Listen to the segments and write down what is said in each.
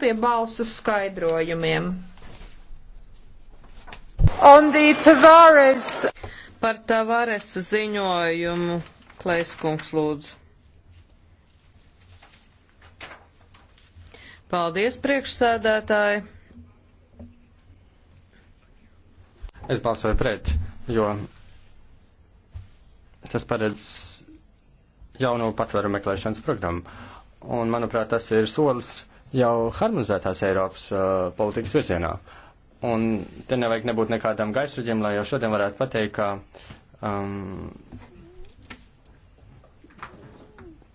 un pie balsu skaidrojumiem. Tavares. Par Tavares ziņojumu Klaiskungs lūdzu. Paldies, priekšsēdētāji! Es balsoju pret, jo tas paredz jauno patvēru meklēšanas programmu. Un, manuprāt, tas ir solis jau harmonizētās Eiropas uh, politikas virzienā. Un te nevajag nebūt nekādam gaisuģim, lai jau šodien varētu pateikt, ka um,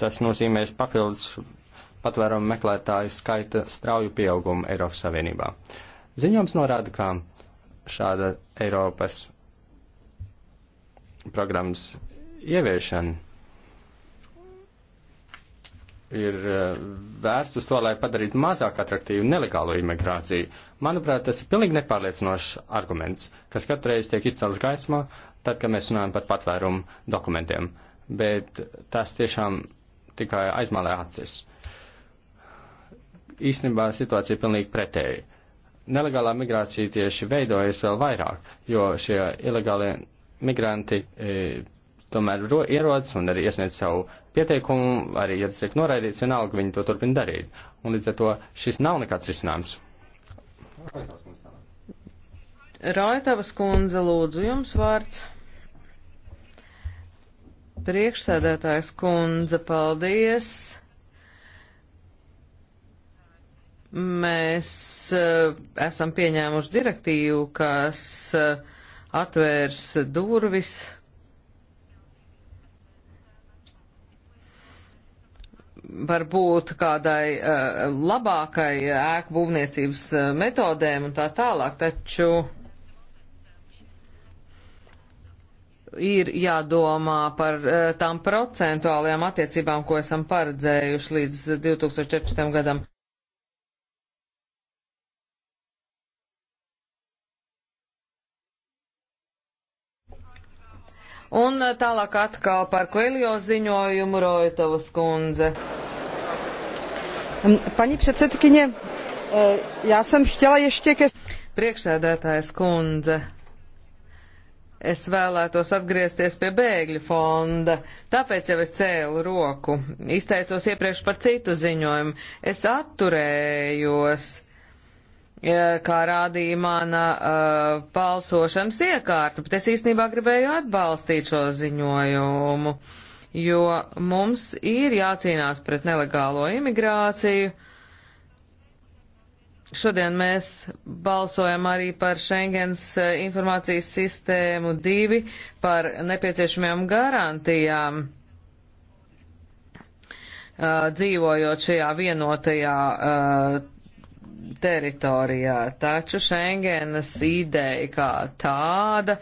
tas nozīmēs papildus patvērumu meklētāju skaita strauju pieaugumu Eiropas Savienībā. Ziņojums norāda, ka šāda Eiropas programmas ieviešana ir eh, vērsts uz to, lai padarītu mazāk atraktīvu nelegālo imigrāciju. Manuprāt, tas ir pilnīgi nepārliecinošs arguments, kas katru reizi tiek izcelts gaismā, tad, kad mēs runājam par patvērumu dokumentiem. Bet tas tiešām tikai aizmālē acis. Īstenībā situācija ir pilnīgi pretēji. Nelegālā migrācija tieši veidojas vēl vairāk, jo šie ilegālie migranti e, tomēr ierodas un arī iesniedz savu pieteikumu, arī, ja tas tiek noraidīts, vienalga viņi to turpina darīt. Un līdz ar to šis nav nekāds risinājums. Raitavas kundze, lūdzu, jums vārds. Priekšsēdētājs kundze, paldies. Mēs uh, esam pieņēmuši direktīvu, kas uh, atvērs durvis uh, varbūt kādai uh, labākai ēku būvniecības eh, metodēm un tā tālāk, taču ir jādomā par uh, tām procentuālajām attiecībām, ko esam paredzējuši līdz 2014. gadam. Un eh, tālāk atkal par Koeljo ziņojumu Roitovas kundze. Paņi predsedkiņe, eh, jāsam htjela ještě ke... Priekšsēdētājs kundze. Es vēlētos atgriezties pie bēgļu fonda, tāpēc jau es cēlu roku. Izteicos iepriekš par citu ziņojumu. Es atturējos. Uh, kā rādīja mana uh, balsošanas iekārta, bet es īstenībā gribēju atbalstīt šo ziņojumu, jo mums ir jācīnās pret nelegālo imigrāciju. Šodien mēs balsojam arī par Schengens uh, informācijas sistēmu divi, par nepieciešamajām garantijām uh, dzīvojot šajā vienotajā uh, teritorijā, taču Schengenas ideja kā tāda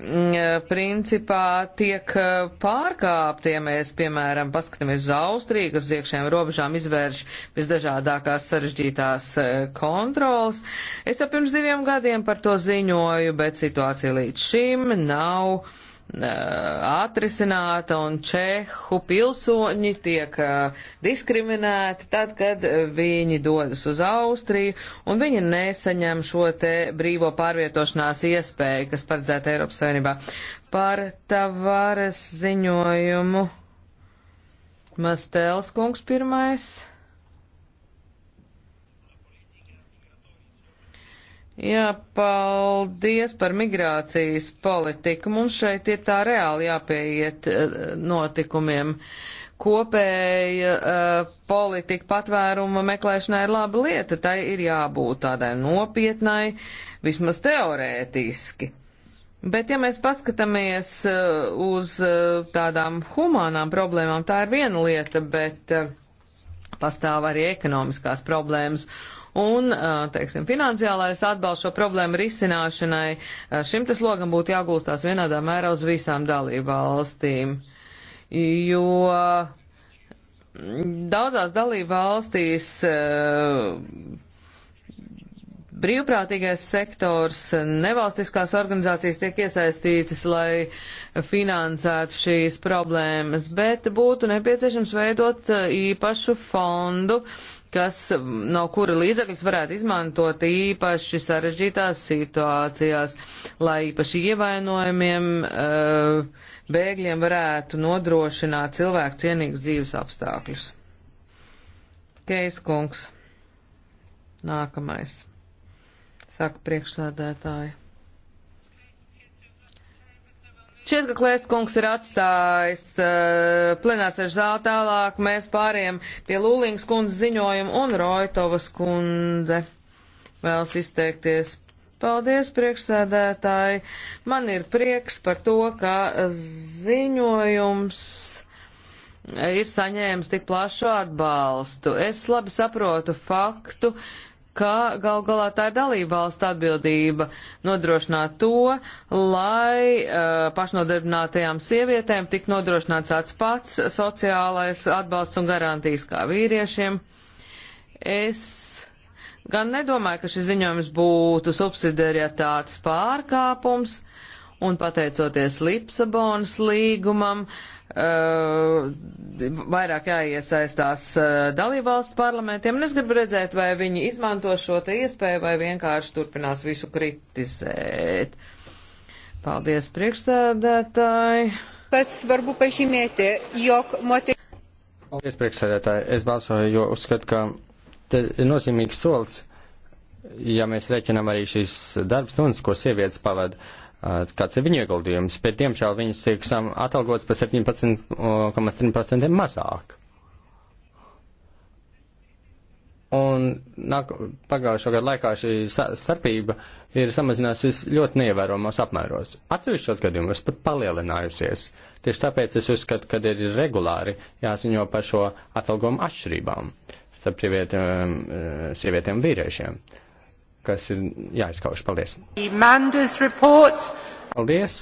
mm, principā tiek eh, pārkāpti, ja mēs, piemēram, paskatāmies uz Austriju, kas uz iekšējām robežām izvērš visdažādākās sarežģītās eh, kontrolas. Es jau pirms diviem gadiem par to ziņoju, bet situācija līdz šim nav Eh, atrisināta un čehu pilsoņi tiek eh, diskriminēti tad, kad viņi dodas uz Austriju un viņi nesaņem šo te brīvo pārvietošanās iespēju, kas paredzēta Eiropas Savienībā. Par tavares ziņojumu Mastēls kungs pirmais. Jā, paldies par migrācijas politiku. Mums šeit ir tā reāli jāpieiet eh, notikumiem. Kopēja uh, politika patvēruma meklēšanai ir laba lieta, tai ir jābūt tādai nopietnai, vismaz teorētiski. Bet ja mēs paskatāmies uh, uz uh, tādām humānām problēmām, tā ir viena lieta, bet pastāv arī ekonomiskās problēmas Un, teiksim, finansiālais atbalsts šo problēmu risināšanai šim tas logam būtu jāgulstās vienādā mērā uz visām dalībvalstīm. Jo daudzās dalībvalstīs brīvprātīgais sektors, nevalstiskās organizācijas tiek iesaistītas, lai finansētu šīs problēmas, bet būtu nepieciešams veidot īpašu fondu, uh, kas, no kura līdzekļus varētu izmantot īpaši sarežģītās situācijās, lai īpaši ievainojumiem eh, bēgļiem varētu nodrošināt cilvēku cienīgus dzīves apstākļus. Keis kungs. Nākamais. Saka priekšsādētāji. Šķiet, ka Klēs kungs ir atstājis uh, plenārsēžu zāli tālāk. Mēs pāriem pie Lūlīngas kundzes ziņojuma un Roitovas kundze vēlas izteikties. Paldies, priekšsēdētāji. Man ir prieks par to, ka ziņojums eh, ir saņēmis tik plašu atbalstu. Es labi saprotu faktu, uh, ka gal galā tā ir dalība valsts atbildība nodrošināt to, lai uh, pašnodarbinātajām sievietēm tik nodrošināts tāds pats sociālais atbalsts un garantijas kā vīriešiem. Es gan nedomāju, ka šis ziņojums būtu subsidiarietāts pārkāpums, un pateicoties Lipsabonas līgumam, uh, Eh, vairāk jāiesaistās eh, dalībvalstu parlamentiem, un es gribu redzēt, vai viņi izmanto šo te iespēju, vai vienkārši turpinās visu kritizēt. Paldies, priekšsēdētāji. Pēc varbu pažymēti, jok motiv... Paldies, priekšsēdētāji. Es balsoju, jo uzskatu, ka te ir nozīmīgs solis, ja mēs rēķinam arī šīs darbstundas, ko sievietes pavada. Uh, kāds ir viņu ieguldījums, bet diemžēl viņas tiek um, atalgots par 17,3% mazāk. Un nāk, pagājušo gadu laikā šī starpība ir samazinājusies ļoti neievērojamos apmēros. Atsevišķos gadījumos pat palielinājusies. Tieši tāpēc es uzskatu, ka ir regulāri jāziņo par šo atalgojumu atšķirībām starp sievietēm um, un vīriešiem. Uh, kas ir jāizkauž. Paldies! Paldies!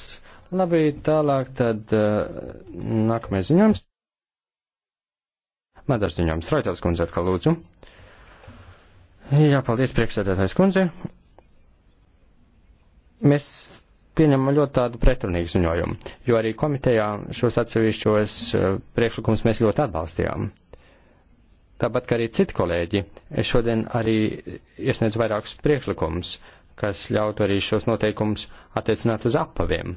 Labi, tālāk tad uh, nākamais ziņojums. Madars ziņojums. Raitās kundze atkal lūdzu. Jā, paldies priekšsēdētājs kundze. Mēs pieņemam ļoti tādu pretrunīgu ziņojumu, jo arī komitejā šos atsevišķos uh, priekšlikumus mēs ļoti atbalstījām tāpat kā arī citi kolēģi, es šodien arī iesniedzu vairākus priekšlikumus, kas ļautu arī šos noteikumus attiecināt uz apaviem.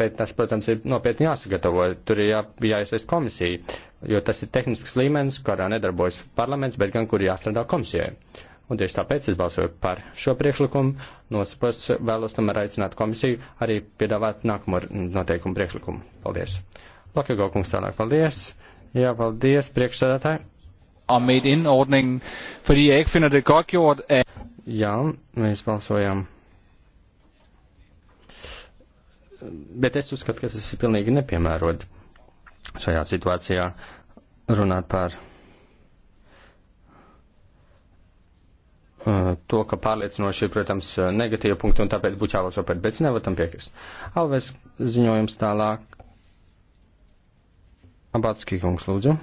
Bet tas, protams, ir nopietni jāsagatavo. Tur ir jā, jāiesaist komisija, jo tas ir tehnisks līmenis, kurā nedarbojas parlaments, bet gan kur jāstrādā komisijai. Un tieši tāpēc es balsoju par šo priekšlikumu. Nosapos vēlos tomēr aicināt komisiju arī piedāvāt nākamo noteikumu priekšlikumu. Paldies. Lokagaukungs tālāk, paldies. Jā, paldies, priekšsēdētāji. Made in ordning, fordi jeg ikke finder det godt gjort af... Jā, mēs balsojam. Bet es uzskatu, ka tas ir pilnīgi nepiemērot šajā situācijā runāt par uh, to, ka pārliecinoši ir, protams, negatīva punkta un tāpēc būtu jābalso pret, bet es nevaru tam piekrist. Alves ziņojums tālāk Abatskī kungs, lūdzu.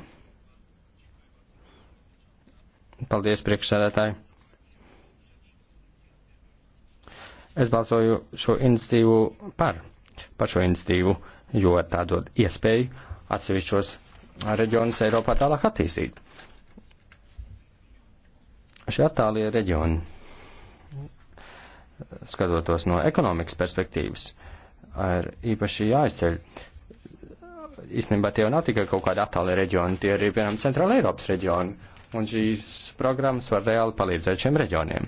Paldies, priekšsēdētāji. Es balsoju šo inicitīvu par, par šo inicitīvu, jo tā dod iespēju atsevišķos reģionus Eiropā tālāk attīstīt. Šie attālie reģioni, skatoties no ekonomikas perspektīvas, ir īpaši jāizceļ, īstenībā tie jau nav tikai kaut kādi attāli reģioni, tie ir, piemēram, Centrāla Eiropas reģioni. Un šīs programmas var reāli palīdzēt šiem reģioniem.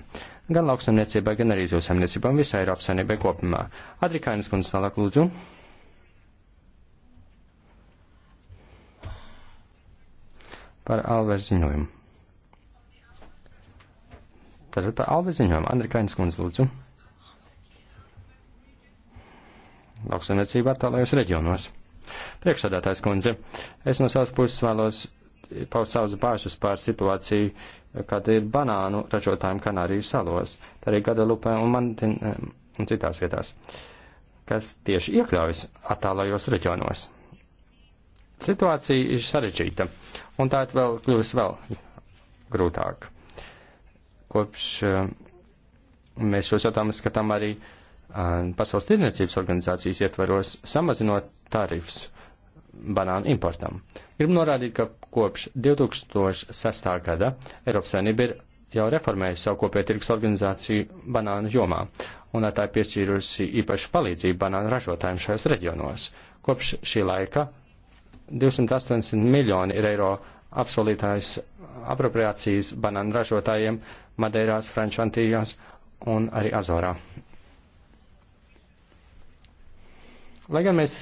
Gan lauksamniecībai, gan arī zivsamniecībām visā Eiropas sanībai kopumā. Adrikānis kundze tālāk lūdzu. Par Alveru ziņojumu. Tātad par Alveru ziņojumu. Adrikānis kundze lūdzu. lauksaimniecībā tālajos reģionos. Priekšsādātājs kundze, es no savas puses vēlos paust savas bāžas pār situāciju, kad ir banānu ražotājiem Kanāriju salos, tā arī Gadalupē un, Mantin, eh, un citās vietās, kas tieši iekļaujas attālajos reģionos. Situācija ir sarežģīta, un tā vēl kļūs vēl grūtāk. Kopš eh, mēs šos jautājumus skatām arī uh, Pasaules tirdzniecības organizācijas ietvaros, samazinot tarifs banānu importam. Gribu norādīt, ka kopš 2006. gada Eiropas Savienība ir jau reformējusi savu kopēju tirgus organizāciju banānu jomā, un tā ir piešķīrusi īpašu palīdzību banānu ražotājiem šajos reģionos. Kopš šī laika 280 miljoni ir eiro apsolītājs apropriācijas banānu ražotājiem Madeirās, Frančantījās un arī Azorā. Lai gan mēs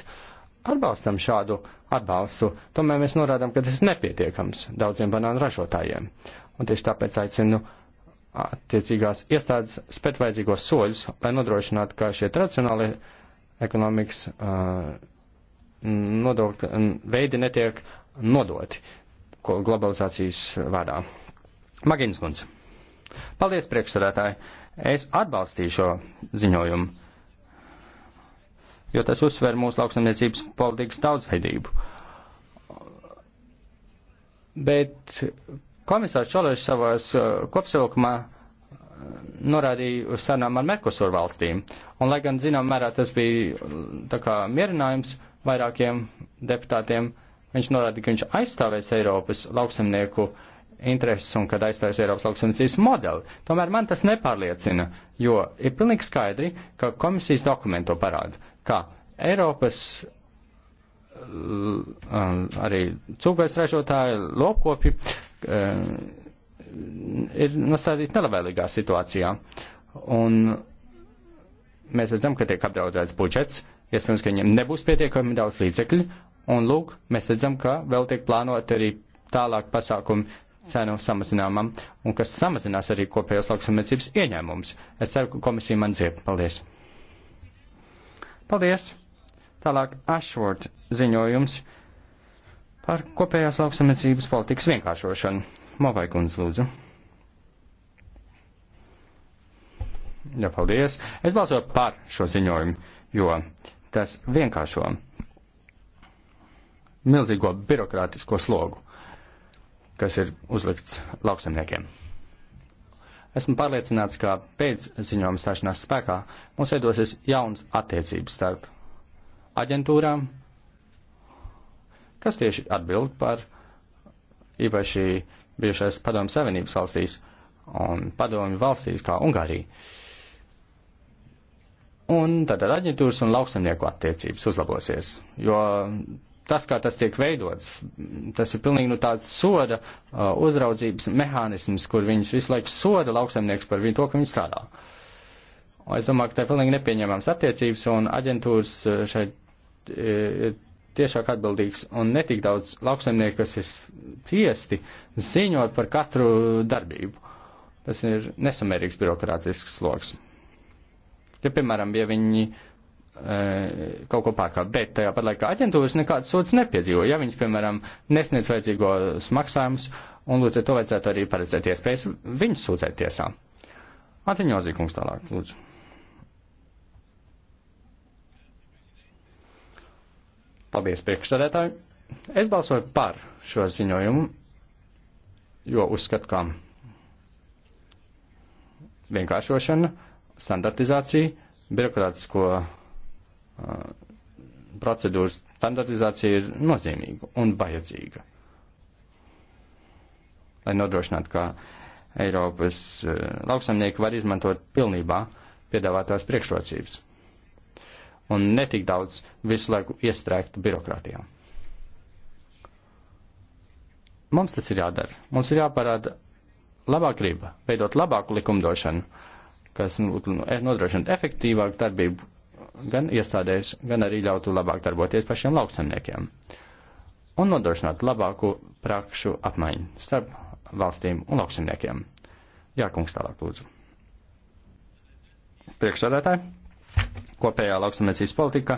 atbalstam šādu atbalstu, tomēr mēs norādām, ka tas ir nepietiekams daudziem banānu ražotājiem. Un tieši tāpēc aicinu attiecīgās iestādes spēt vajadzīgos soļus, lai nodrošinātu, ka šie tradicionālie ekonomikas uh, nodokļu veidi netiek nodoti globalizācijas vārdā. Magins Guns. Paldies, priekšsēdētāji! Es atbalstīšu šo ziņojumu jo tas uzsver mūsu lauksamniecības politikas daudzveidību. Bet komisārs Čološs savās uh, kopsavilkumā uh, norādīja uz sarunām ar Merkosur valstīm, un lai gan zinām mērā tas bija uh, tā kā mierinājums vairākiem deputātiem, viņš norādīja, ka viņš aizstāvēs Eiropas lauksamnieku uh, intereses un kad aizstājas Eiropas lauksaimniecības modeli. Tomēr man tas nepārliecina, jo ir pilnīgi skaidri, ka komisijas dokumento parāda kā Eiropas um, arī cūgais ražotāji, lopkopi um, ir nostādīti nelabvēlīgā situācijā. Un mēs redzam, ka tiek apdraudēts budžets, iespējams, ka viņiem nebūs pietiekami daudz līdzekļu, un lūk, mēs redzam, ka vēl tiek plānot arī tālāk pasākumi cenu samazinājumam, un kas samazinās arī kopējos lauksamniecības ieņēmumus. Es ceru, ka komisija man dzird. Paldies! Paldies! Tālāk Ashford ziņojums par kopējās lauksamniecības politikas vienkāršošanu. Movai kundze, lūdzu. Jā, ja, paldies. Es balsoju par šo ziņojumu, jo tas vienkāršo milzīgo birokrātisko slogu, kas ir uzlikts lauksamniekiem. Esmu pārliecināts, ka pēc ziņojuma stāšanās spēkā mums veidosies jauns attiecības starp aģentūrām, kas tieši atbild par īpaši bijušais padomu savienības valstīs un padomu valstīs kā Ungārija. Un tad aģentūras un lauksaimnieku attiecības uzlabosies, jo tas, kā tas tiek veidots, tas ir pilnīgi nu tāds soda uh, uzraudzības mehānisms, kur viņus visu laiku soda lauksaimnieks par viņu to, ka viņi strādā. Un es domāju, ka tā ir pilnīgi nepieņemams attiecības, un aģentūras uh, šeit uh, ir tiešāk atbildīgs, un netik daudz lauksaimnieku, kas ir piesti ziņot par katru darbību. Tas ir nesamērīgs birokrātisks sloks. Ja, piemēram, ja viņi uh, E, kaut ko pārkāpt, bet tajā pat laikā aģentūras nekādas sodas nepiedzīvo, ja viņas, piemēram, nesniedz vajadzīgos maksājumus, un līdz ar to vajadzētu arī paredzēt iespējas viņus sūdzēt tiesā. Atiņozī kungs tālāk, lūdzu. Paldies, priekšsādētāji. Es balsoju par šo ziņojumu, jo uzskatu, ka vienkāršošana, standartizācija, birokrātisko Uh, procedūras standartizācija ir nozīmīga un vajadzīga. Lai nodrošinātu, ka Eiropas uh, lauksamnieki var izmantot pilnībā piedāvātās priekšrocības un netik daudz visu laiku iestrēgt birokrātijā. Mums tas ir jādara. Mums ir jāparāda labā griba, veidot labāku likumdošanu, kas nu, nodrošina efektīvāku darbību gan iestādēs, gan arī ļautu labāk darboties pašiem lauksaimniekiem un nodrošinātu labāku prakšu apmaiņu starp valstīm un lauksaimniekiem. Jā, kungs, tālāk lūdzu. Priekšsādātāji, kopējā lauksaimniecības politika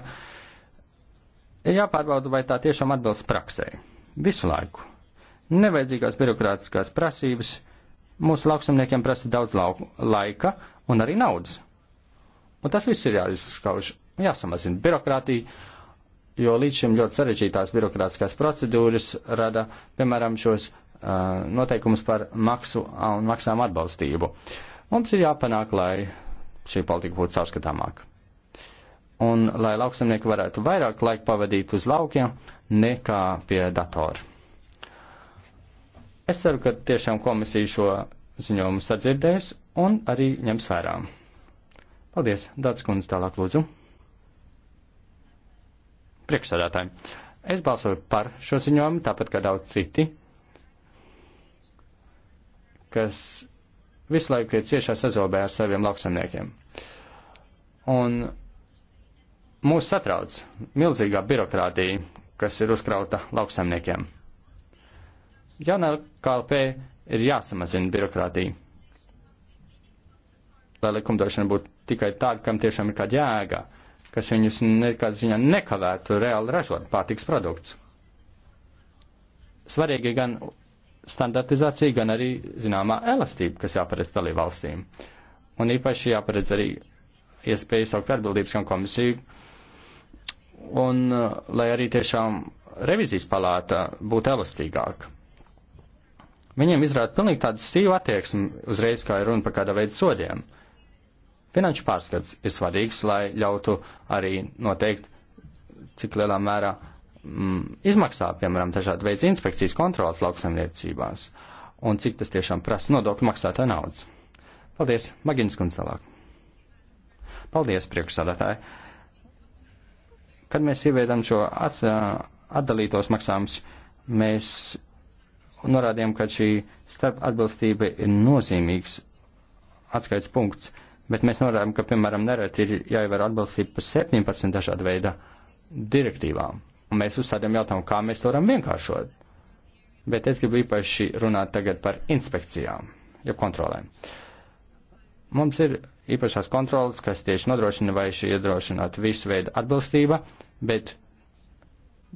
ir jāpārbauda, vai tā tiešām atbilst praksē. Visu laiku. Nevajadzīgās birokrātiskās prasības mūsu lauksaimniekiem prasa daudz lauku, laika un arī naudas. Un tas viss ir jāizskauž, jāsamazina birokrātija, jo līdz šim ļoti sarežģītās birokrātiskās procedūras rada, piemēram, šos uh, noteikumus par maksu un maksām atbalstību. Mums ir jāpanāk, lai šī politika būtu caurskatāmāka. Un lai lauksamnieki varētu vairāk laika pavadīt uz laukiem nekā pie datora. Es ceru, ka tiešām komisija šo ziņojumu sadzirdēs un arī ņems vērā. Paldies, Dārts Kundze, tālāk lūdzu. Priekšsādātāji, es balsoju par šo ziņojumu, tāpat kā daudz citi, kas visu laiku ir ciešā sazobē ar saviem lauksamniekiem. Un mūs satrauc milzīgā birokrātija, kas ir uzkrauta lauksamniekiem. Jaunā KLP ir jāsamazina birokrātija, lai likumdošana būtu tikai tādi, kam tiešām ir kāda jēga, kas viņus nekādā ziņā nekavētu reāli ražot pārtiks produkts. Svarīgi gan standartizācija, gan arī zināmā elastība, kas jāparedz dalību valstīm. Un īpaši jāparedz arī iespēja saukt atbildības gan komisiju, un uh, lai arī tiešām revizijas palāta būtu elastīgāka. Viņiem izrāda pilnīgi tādu stīvu attieksmi uzreiz, kā ir runa par kāda veida sodiem. Uh, Finanšu pārskats ir svarīgs, lai ļautu arī noteikt, cik lielā mērā mm, izmaksā, piemēram, dažādi veidi inspekcijas kontrolas lauksaimniecībās un cik tas tiešām prasa nodokļu maksātāja naudas. Paldies, Magiņas kundze tālāk. Paldies, priekšsādātāji. Kad mēs ieviedam šo ats, atdalītos maksājumus, mēs norādījām, ka šī starp atbilstība ir nozīmīgs atskaits punkts bet mēs norādām, ka, piemēram, nereti ir jāievēr atbilstība par 17 dažāda veida direktīvām. Un mēs uzstādām jautājumu, kā mēs to varam vienkāršot. Bet es gribu īpaši runāt tagad par inspekcijām, jeb kontrolēm. Mums ir īpašās kontrolas, kas tieši nodrošina vai šī iedrošināt visu veidu atbilstība, bet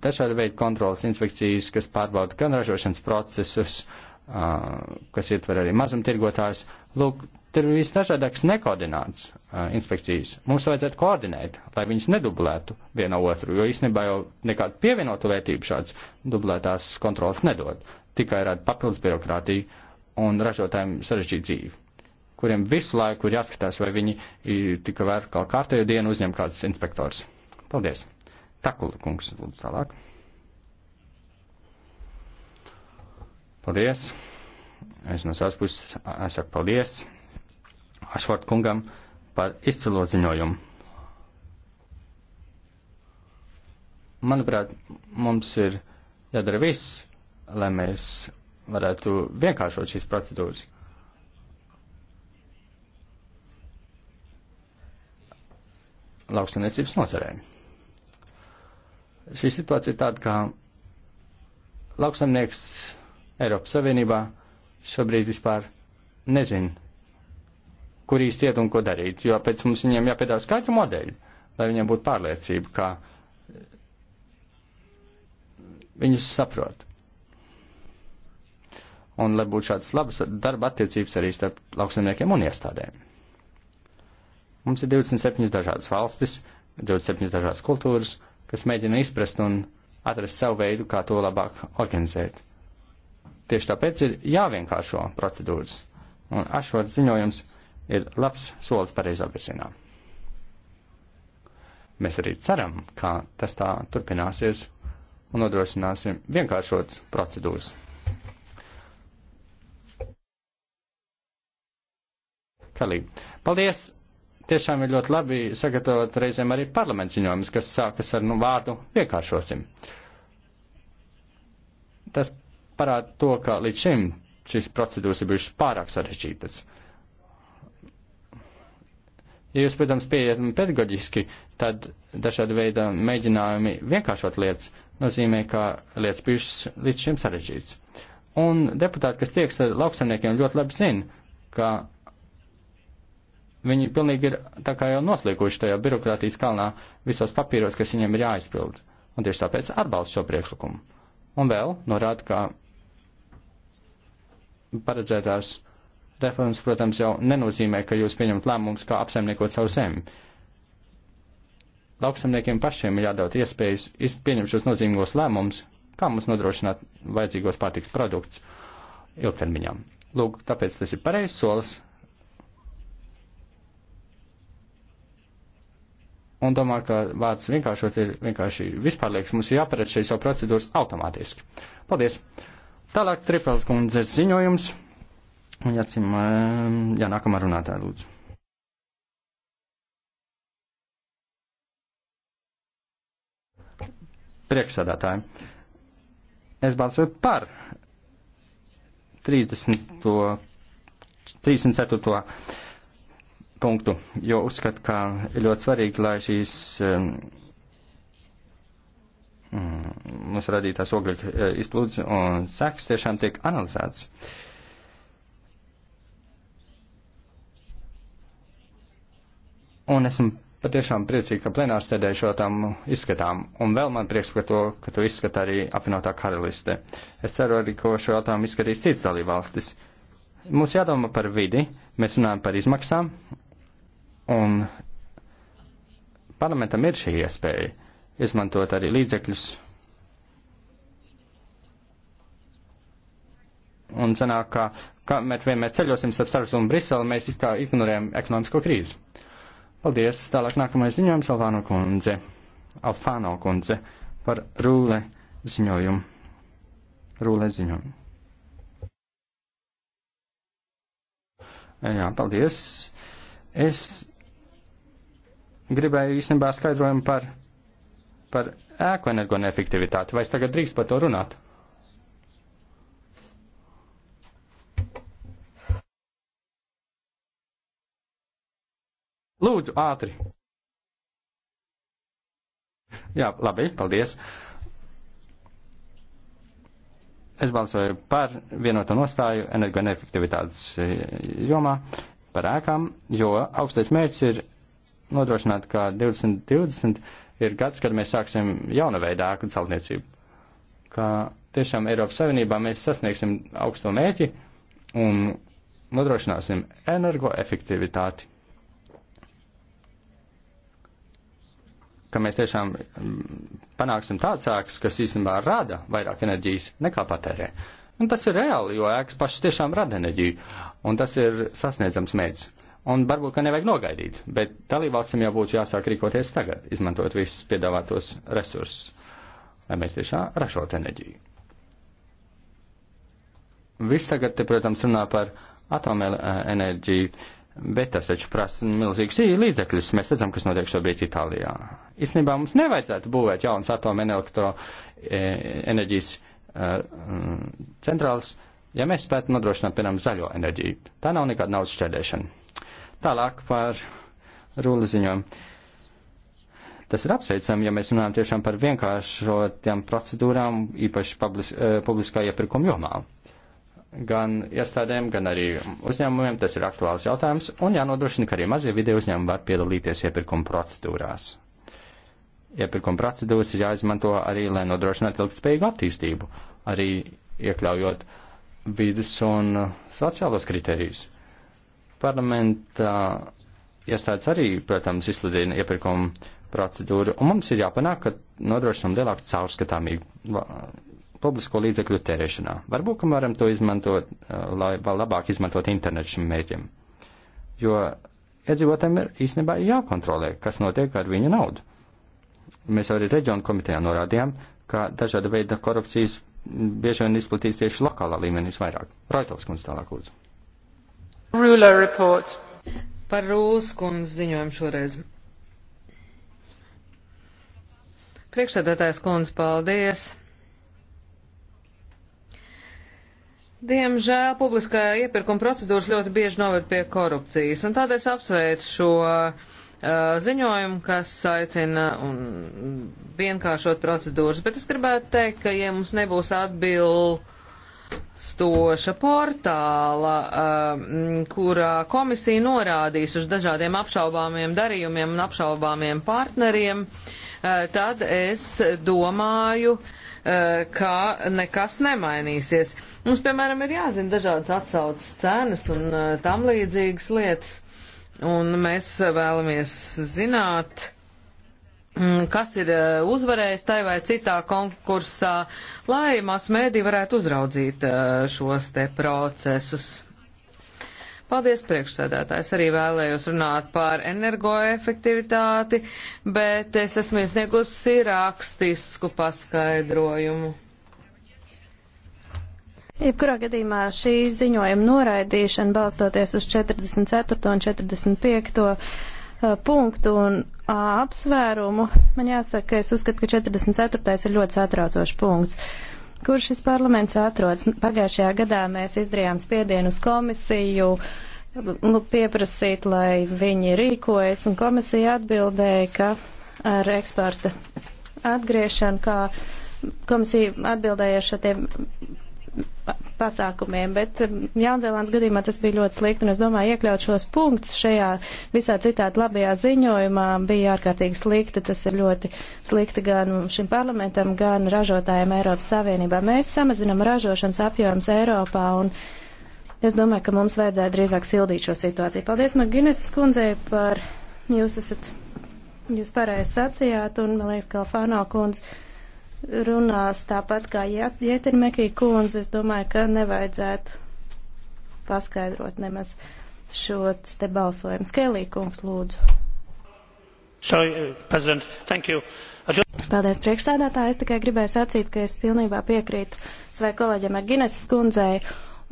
dažādi veidi kontrolas inspekcijas, kas pārbauda gan ražošanas procesus, uh, kas ietver arī mazumtirgotājs, lūk, Tur ir visdažādākas nekoordināts uh, inspekcijas. Mums vajadzētu koordinēt, lai viņas nedublētu viena otru, jo īstenībā jau nekādu pievienotu vērtību šāds dublētās kontrols nedod. Tikai rada papildus birokrātiju un ražotājiem sarežģītu dzīvi, kuriem visu laiku ir jāskatās, vai viņi tika vēl kā kārtējo dienu uzņem kāds inspektors. Paldies! Takula kungs, lūdzu tālāk. Paldies! Es no savas puses saku paldies Ašvart kungam par izcilo ziņojumu. Manuprāt, mums ir jādara viss, lai mēs varētu vienkāršot šīs procedūras. Lauksaimniecības nozarē. Šī situācija ir tāda, ka lauksaimnieks Eiropas Savienībā šobrīd vispār nezina, kur īsti iet un ko darīt, jo pēc mums viņiem jāpiedāvā skaidru modeļu, lai viņiem būtu pārliecība, ka viņus saprot. Un lai būtu šādas labas darba attiecības arī starp lauksaimniekiem un iestādēm. Mums ir 27 dažādas valstis, 27 dažādas kultūras, kas mēģina izprast un atrast savu veidu, kā to labāk organizēt. Tieši tāpēc ir jāvienkāršo procedūras. Un ašot ziņojums ir labs solis pareizā virzienā. Mēs arī ceram, ka tas tā turpināsies un nodrošināsim vienkāršotas procedūras. Kalī. Paldies! Tiešām ir ļoti labi sagatavot reizēm arī parlaments ziņojumus, kas sākas ar nu, vārdu vienkāršosim. Tas parāda to, ka līdz šim šīs procedūras ir bijušas pārāk sarežģītas. Uh, Ja jūs, protams, pieiet pedagoģiski, tad dažādi veidi mēģinājumi vienkāršot lietas nozīmē, ka lietas bijušas līdz šim sarežģītas. Un deputāti, kas tieks ar lauksaimniekiem, ļoti labi zina, ka viņi pilnīgi ir tā kā jau noslīkuši tajā birokrātijas kalnā visos papīros, kas viņiem ir jāizpild. Un tieši tāpēc atbalsta šo priekšlikumu. Un vēl norāda, ka paredzētās Reformas, protams, jau nenozīmē, ka jūs pieņemat lēmumus, kā apsaimniekot savu zemi. Lauksaimniekiem pašiem ir jādod iespējas pieņemt šos nozīmīgos lēmumus, kā mums nodrošināt vajadzīgos pārtiks produktus ilgtermiņā. Lūk, tāpēc tas ir pareizs solis. Un domāju, ka vārds vienkāršot ir vienkārši vispārlieks. Mums ir jāparedz šīs jau procedūras automātiski. Paldies! Tālāk tripels kundzes ziņojums. Un jācim, jā, nākamā runātāja, lūdzu. Priekšsādātāji, es balsoju par 30. 34. punktu, jo uzskatu, ka ir ļoti svarīgi, lai šīs um, mm, mūsu radītās ogļu eh, izplūdes un seks tiešām tiek analizēts. Uh, Un esmu patiešām priecīgi, ka plenārs sēdē šo tam izskatām. Un vēl man prieks par to, ka to izskatā arī apvienotā karaliste. Es ceru arī, ko šo jautājumu izskatīs cits dalībvalstis. Mums jādomā par vidi, mēs runājam par izmaksām, un parlamentam ir šī iespēja izmantot arī līdzekļus. Un sanāk, ka kamēr vien mēs ceļosim starp Starus un Briseli, mēs it kā ignorējam ekonomisko krīzi. Paldies! Tālāk nākamais ziņojums Alvāno kundze, Alfāno kundze par rūle ziņojumu. Rūle ziņojumu. Jā, paldies. Es gribēju īstenībā skaidrojumu par, par ēku energoefektivitāti. Vai es tagad drīkst par to runāt? Lūdzu, ātri! Jā, labi, paldies! Es balsoju par vienotu nostāju energoefektivitātes eh, jomā, par ēkām, jo augstais mērķis ir nodrošināt, ka 2020 ir gads, kad mēs sāksim jaunu veidu ēku celtniecību. Ka tiešām Eiropas Savienībā mēs sasniegsim augsto mērķi un nodrošināsim energoefektivitāti. ka mēs tiešām mm, panāksim tāds ēkas, kas īstenībā rada vairāk enerģijas nekā patērē. Un tas ir reāli, jo ēkas pašas tiešām rada enerģiju, un tas ir sasniedzams mērķis. Un varbūt, ka nevajag nogaidīt, bet dalībvalstīm jau būtu jāsāk rīkoties tagad, izmantojot visus piedāvātos resursus, lai mēs tiešām ražotu enerģiju. Viss tagad, te, protams, runā par atomenerģiju. Uh, Bet tas taču prasa milzīgus līdzekļus. Mēs redzam, kas notiek šobrīd Itālijā. Īstenībā mums nevajadzētu būvēt jaunas atomenerģijas e, e, centrāls, ja mēs spētu nodrošināt, piemēram, zaļo enerģiju. Tā nav nekāda naudas šķērdēšana. Tālāk par rūlu ziņojumu. Tas ir apsveicami, ja mēs runājam tiešām par vienkāršotiem procedūrām, īpaši publis, e, publiskā iepirkuma jomā gan iestādēm, gan arī uzņēmumiem tas ir aktuāls jautājums, un jānodrošina, ka arī mazie video uzņēmumi var piedalīties iepirkuma procedūrās. Iepirkuma procedūras ir jāizmanto arī, lai nodrošinātu ilgspējīgu attīstību, arī iekļaujot vidas un sociālos kritērijus. Parlamenta iestādes arī, protams, izsludina iepirkuma procedūru, un mums ir jāpanāk, ka nodrošinām lielāku caurskatāmību publisko līdzekļu tērēšanā. Varbūt, ka varam to izmantot, uh, lai vēl labāk izmantot internetu šim mēķim. Jo iedzīvotājiem ir īstenībā jākontrolē, kas notiek ar viņu naudu. Mēs arī reģionu komitejā norādījām, ka dažāda veida korupcijas bieži vien izplatīs tieši lokālā līmenī visvairāk. Raitovs kundze tālāk lūdzu. Ruler report. Par Rūlas kundzes ziņojumu šoreiz. Priekšsēdētājs kundze, paldies! Diemžēl publiskā iepirkuma procedūras ļoti bieži noved pie korupcijas, un tādēļ es apsveicu šo uh, ziņojumu, kas aicina un vienkāršot procedūras, bet es gribētu teikt, ka, ja mums nebūs atbilstoša portāla, uh, kurā komisija norādīs uz dažādiem apšaubāmiem darījumiem un apšaubāmiem partneriem, uh, tad es domāju, uh, Eh, ka nekas nemainīsies. Mums, piemēram, ir jāzina dažādas atsaucas cenas un eh, tam līdzīgas lietas, un mēs vēlamies zināt, mm, kas ir eh, uzvarējis tai vai citā konkursā, lai masmēdī varētu uzraudzīt šos te procesus. Paldies, priekšsēdētājs. Arī vēlējos runāt par energoefektivitāti, bet es esmu iesniegusi rakstisku paskaidrojumu. Jebkurā gadījumā šī ziņojuma noraidīšana balstoties uz 44. un 45. Uh, punktu un a, uh, apsvērumu, man jāsaka, ka es uzskatu, ka 44. ir ļoti satraucošs punkts kur šis parlaments atrodas. Pagājušajā gadā mēs izdarījām spiedienu uz komisiju nu, pieprasīt, lai viņi rīkojas, un komisija atbildēja, ka ar eksporta atgriešanu, kā komisija atbildēja ar šo tiem pasākumiem, bet um, Jaunzēlands gadījumā tas bija ļoti slikti, un es domāju, iekļaut šos punktus šajā visā citādi labajā ziņojumā bija ārkārtīgi slikti. Tas ir ļoti slikti gan šim parlamentam, gan ražotājiem Eiropas Savienībā. Mēs samazinam ražošanas apjoms Eiropā, un es domāju, ka mums vajadzētu drīzāk sildīt šo situāciju. Paldies, Magineses kundzei, par jūs esat, jūs pareizi sacījāt, un man liekas, ka Alfāno kundze runās tāpat kā Jētermekī kundze. Es domāju, ka nevajadzētu paskaidrot nemaz šo te balsojumu. Skelī kungs, lūdzu. Sorry, uh, President. Thank you. Paldies, priekšsēdētāji. Es tikai gribēju sacīt, ka es pilnībā piekrītu savai kolēģiem Agineses kundzei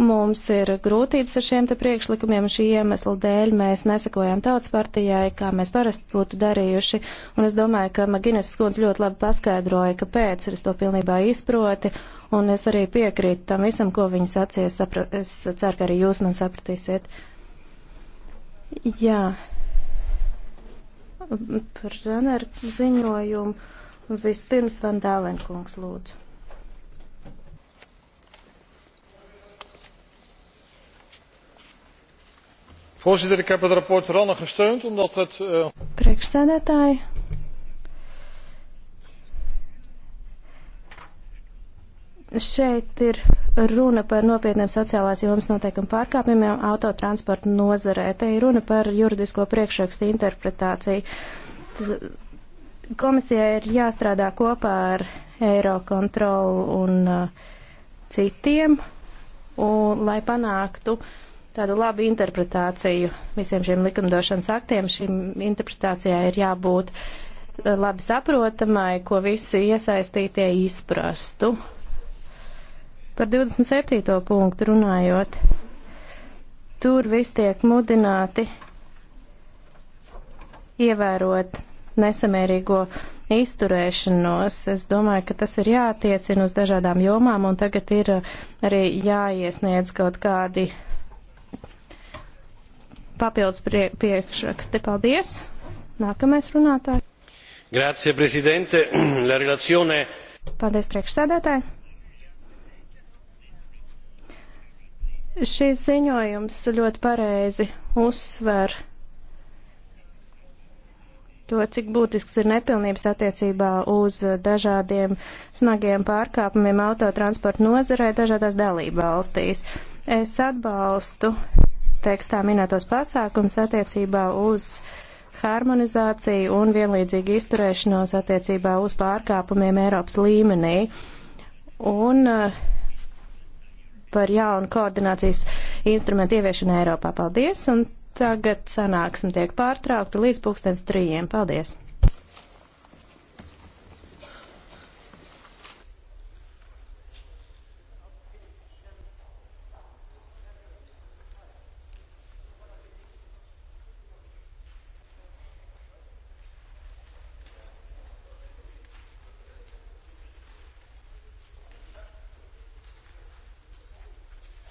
Mums ir grūtības ar šiem te priekšlikumiem, šī iemesla dēļ mēs nesakojam tautas partijai, kā mēs parasti būtu darījuši, un es domāju, ka Maginas skundze ļoti labi paskaidroja, ka pēc es to pilnībā izproti, un es arī piekrītu tam visam, ko viņa sacīja, sapra... es ceru, ka arī jūs man sapratīsiet. Jā, par Ženeru ziņojumu vispirms Vandālenkungs lūdzu. Voorzitter, ik heb het rapport Ranne gesteund omdat het. Uh... Priekšsēdētāji. Šeit ir runa par nopietniem sociālās jomas noteikumu pārkāpumiem autotransporta nozarē. Te ir runa par juridisko priekšrakstu interpretāciju. Komisijai ir jāstrādā kopā ar Eirokontrolu un uh, citiem, un, lai panāktu uh, tādu labu interpretāciju visiem šiem likumdošanas aktiem. Šīm interpretācijā ir jābūt eh, labi saprotamai, ko visi iesaistītie izprastu. Par 27. punktu runājot, tur viss tiek mudināti ievērot nesamērīgo izturēšanos. Es domāju, ka tas ir jātiecina uz dažādām jomām, un tagad ir eh, arī jāiesniedz kaut kādi papildus prie, priekšraksti. Paldies! Nākamais runātājs. Grazie, prezidente. La relazione. Paldies, priekšsēdētāji. Šis ziņojums ļoti pareizi uzsver to, cik būtisks ir nepilnības attiecībā uz dažādiem smagiem pārkāpumiem autotransporta nozarē dažādās dalība valstīs. Es atbalstu tekstā minētos pasākums attiecībā uz harmonizāciju un vienlīdzīgu izturēšanos attiecībā uz pārkāpumiem Eiropas līmenī. Un eh, par jaunu koordinācijas instrumentu ieviešanu Eiropā. Paldies! Un tagad sanāksim tiek pārtraukta līdz pulkstens trījiem. Paldies!